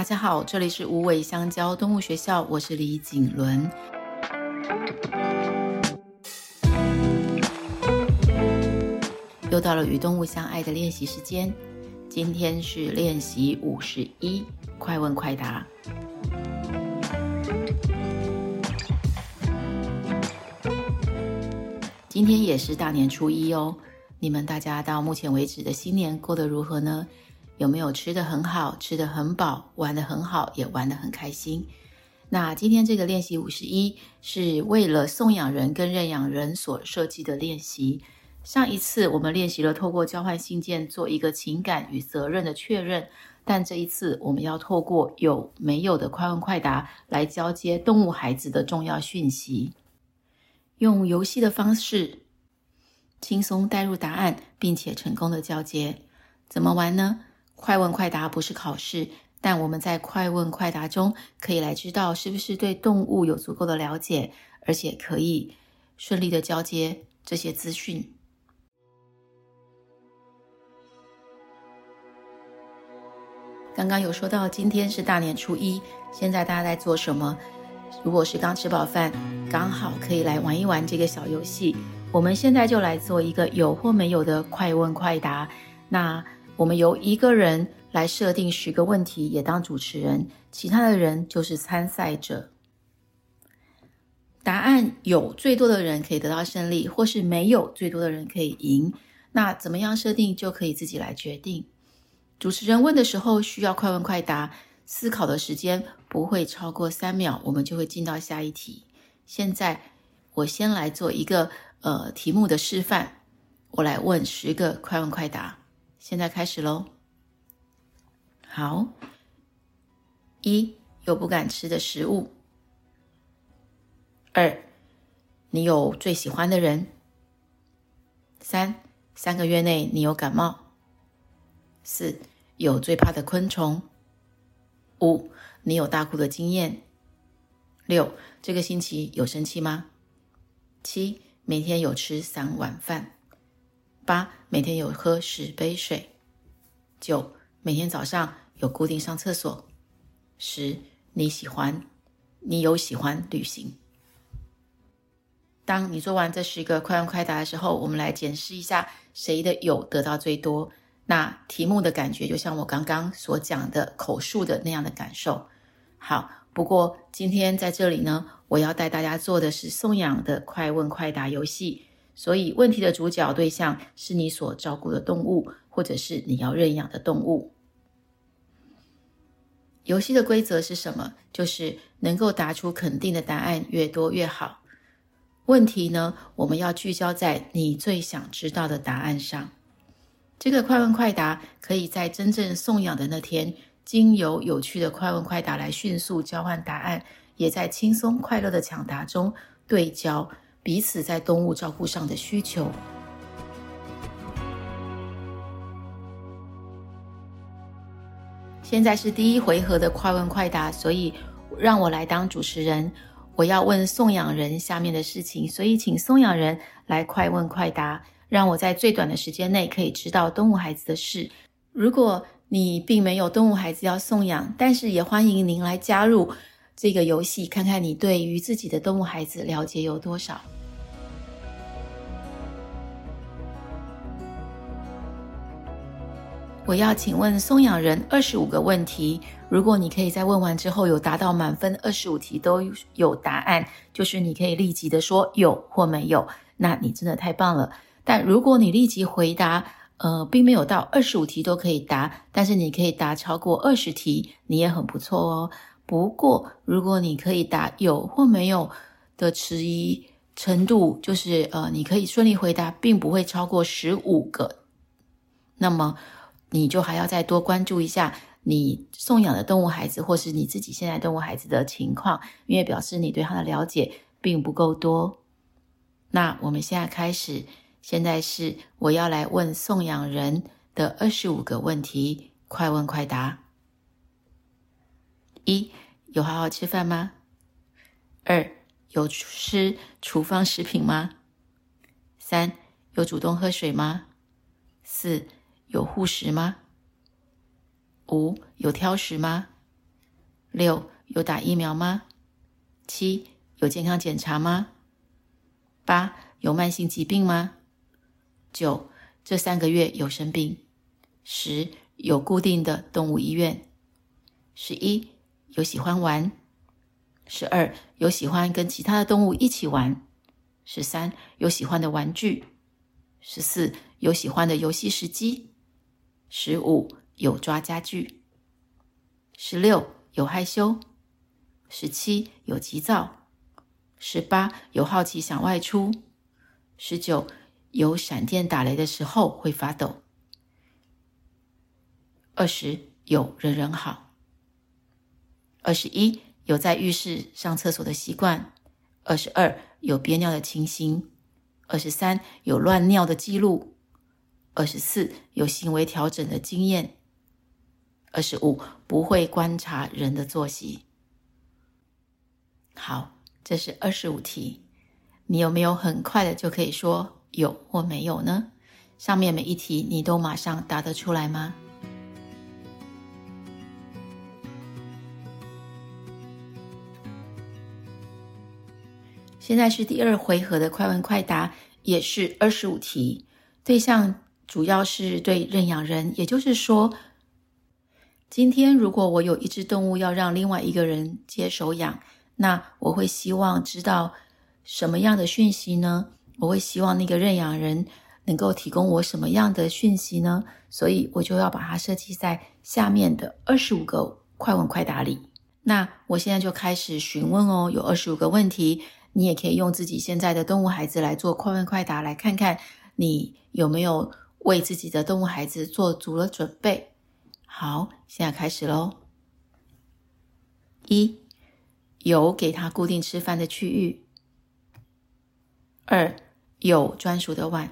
大家好，這裡是無尾香蕉動物學校，我是李錦倫。又到了與動物相愛的練習時間，今天是練習五十一，快問快答。今天也是大年初一哦，你們大家到目前為止的新年過得如何呢？有沒有吃得很好，吃得很飽，玩得很好，也玩得很開心？那今天這個練習五十一是為了送養人跟認養人所設計的練習。上一次我們練習了透過交換信件做一個情感與責任的確認，但這一次我們要透過有沒有的快問快答來交接動物孩子的重要訊息，用遊戲的方式輕鬆帶入答案，並且成功的交接。怎麼玩呢？快問快答不是考試，但我們在快問快答中可以來知道是不是對動物有足夠的了解，而且可以順利的交接這些資訊。剛剛有說到，今天是大年初一，現在大家在做什麼？如果是剛吃飽飯，剛好可以來玩一玩這個小遊戲。我們現在就來做一個有或沒有的快問快答。那我們由一個人來設定十個問題，也當主持人，其他的人就是參賽者。答案有最多的人可以得到勝利，或是沒有最多的人可以贏。那怎麼樣設定就可以自己來決定。主持人問的時候需要快問快答，思考的時間不會超過三秒，我們就會進到下一題。現在我先來做一個呃題目的示範，我來問十個快問快答。現在開始嘍。好。一，有不敢吃的食物。二，你有最喜歡的人。三，三個月內你有感冒。四，有最怕的昆蟲。五，你有大哭的經驗。六，這個星期有生氣嗎？七，每天有吃三碗飯。八，每天有喝十杯水，九，每天早上有固定上廁所，十，你喜歡，你有喜歡旅行。當你做完這十個快問快答的時候，我們來檢視一下誰的有得到最多。那題目的感覺就像我剛剛所講的口述的那樣的感受。好，不過今天在這裡呢，我要帶大家做的是送養的快問快答遊戲。所以問題的主角對象是你所照顧的動物，或者是你要認養的動物。遊戲的規則是什麼？就是能夠答出肯定的答案越多越好。問題呢，我們要聚焦在你最想知道的答案上。這個快問快答可以在真正送養的那天，經由有趣的快問快答來迅速交換答案，也在輕鬆快樂的搶答中對焦。彼此在動物照顧上的需求。現在是第一回合的快問快答，所以讓我來當主持人。我要問送養人下面的事情，所以請送養人來快問快答，讓我在最短的時間內可以知道動物孩子的事。如果你並沒有動物孩子要送養，但是也歡迎您來加入。這個遊戲，看看你對於自己的動物孩子了解有多少。我要請問送養人二十五個問題。如果你可以在問完之後有達到滿分二十五題都有答案，就是你可以立即的說有或沒有，那你真的太棒了。但如果你立即回答，呃，並沒有到二十五題都可以答，但是你可以答超過二十題，你也很不錯哦。不過，如果你可以答有或沒有的遲疑程度，就是呃，你可以順利回答，並不會超過十五個，那麼你就還要再多關注一下你送養的動物孩子，或是你自己現在動物孩子的情況，因為表示你對他的了解並不夠多。那我們現在開始，現在是我要來問送養人的二十五個問題，快問快答。一有好好吃飯嗎？二有吃處方食品嗎？三有主動喝水嗎？四有護食嗎？五有挑食嗎？六有打疫苗嗎？七有健康檢查嗎？八有慢性疾病嗎？九這三個月有生病？十有固定的動物醫院？十一？有喜歡玩，十二有喜歡跟其他的動物一起玩，十三有喜歡的玩具，十四有喜歡的遊戲時機，十五有抓家具，十六有害羞，十七有急躁，十八有好奇想外出，十九有閃電打雷的時候會發抖，二十有人人好。二十一有在浴室上廁所的習慣，二十二有憋尿的情形，二十三有亂尿的記錄，二十四有行為調整的經驗，二十五不會觀察人的作息。好，這是二十五題，你有沒有很快的就可以說有或沒有呢？上面每一題你都馬上答得出來嗎？現在是第二回合的快問快答，也是二十五題。對象主要是對認養人，也就是說，今天如果我有一隻動物要讓另外一個人接手養，那我會希望知道什麼樣的訊息呢？我會希望那個認養人能夠提供我什麼樣的訊息呢？所以我就要把它設計在下面的二十五個快問快答裡。那我現在就開始詢問哦，有二十五個問題。你也可以用自己現在的動物孩子來做快問快答，來看看你有沒有為自己的動物孩子做足了準備。好，現在開始嘍。一、有給他固定吃飯的區域；二、有專屬的碗；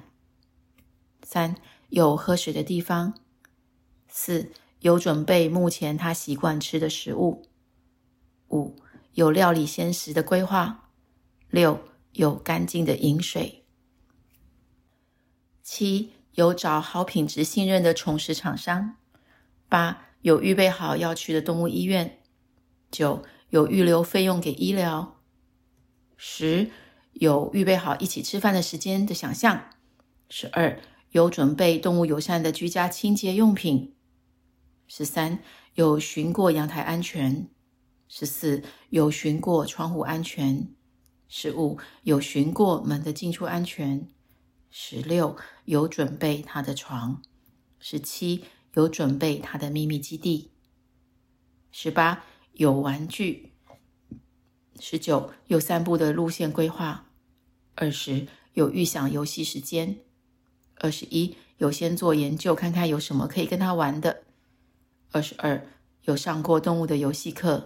三、有喝水的地方；四、有準備目前他習慣吃的食物；五、有料理鮮食的規劃。六有乾淨的飲水。七有找好品質信任的寵食廠商。八有預備好要去的動物醫院。九有預留費用給醫療。十有預備好一起吃飯的時間的想象。十二有準備動物友善的居家清潔用品。十三有巡過陽台安全。十四有巡過窗戶安全。十五有巡過門的進出安全。十六有準備他的床。十七有準備他的祕密基地。十八有玩具。十九有散步的路線規劃。二十有預想遊戲時間。二十一有先做研究，看看有什麼可以跟他玩的。二十二有上過動物的遊戲課。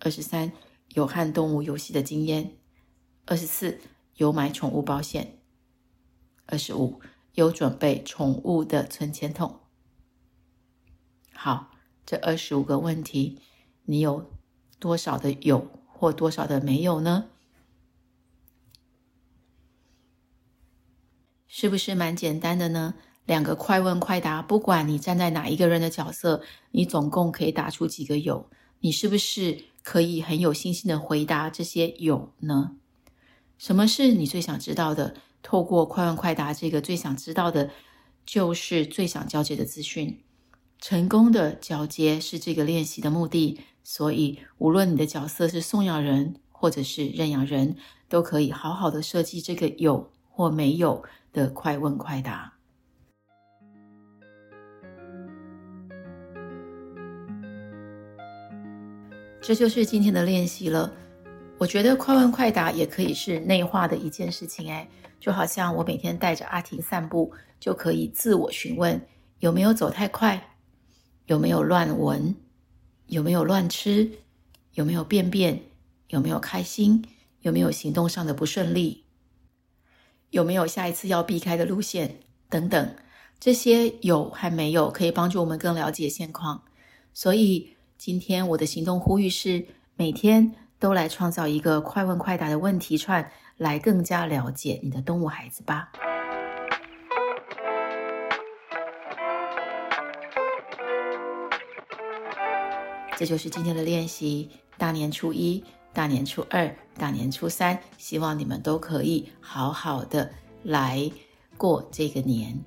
二十三。有和動物遊戲的經驗。二十四，有買寵物保險。二十五，有準備寵物的存錢筒。好，這二十五個問題，你有多少的有或多少的沒有呢？是不是蠻簡單的呢？兩個快問快答，不管你站在哪一個人的角色，你總共可以答出幾個有？你是不是？可以很有信心的回答這些有呢？什麼是你最想知道的？透過快問快答，這個最想知道的，就是最想交接的資訊。成功的交接是這個練習的目的，所以無論你的角色是送養人或者是認養人，都可以好好的設計這個有或沒有的快問快答。這就是今天的練習了。我覺得快問快答也可以是內化的一件事情哎、欸，就好像我每天帶着阿婷散步，就可以自我詢問，有沒有走太快，有沒有亂聞，有沒有亂吃，有沒有便便，有沒有開心，有沒有行動上的不順利，有沒有下一次要避開的路線等等，這些有還沒有可以幫助我們更了解現況，所以。今天我的行動呼籲是：每天都來創造一個快問快答的問題串，來更加了解你的動物孩子吧。這就是今天的練習。大年初一、大年初二、大年初三，希望你們都可以好好的來過這個年。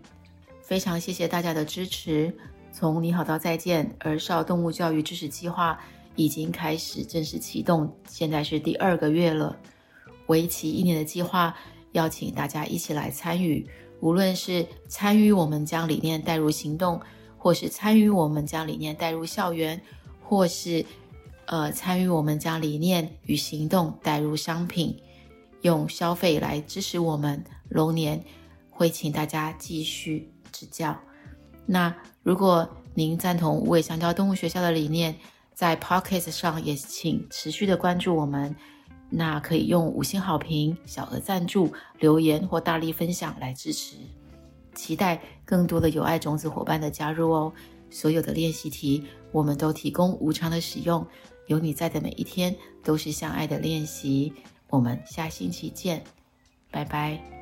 非常謝謝大家的支持。從你好到再見，兒少動物教育支持計劃已經開始正式啟動，現在是第二個月了。為期一年的計劃，邀請大家一起來參與。無論是參與我們將理念帶入行動，或是參與我們將理念帶入校園，或是呃參與我們將理念與行動帶入商品，用消費來支持我們。龍年會請大家繼續指教。那。如果您贊同無尾香蕉動物學校的理念，在 Podcast 上也請持續的關注我們，那可以用五星好評、小額贊助、留言或大力分享來支持。期待更多的有愛種子夥伴的加入哦！所有的練習題我們都提供無償的使用，有你在的每一天都是相愛的練習。我們下星期見，拜拜。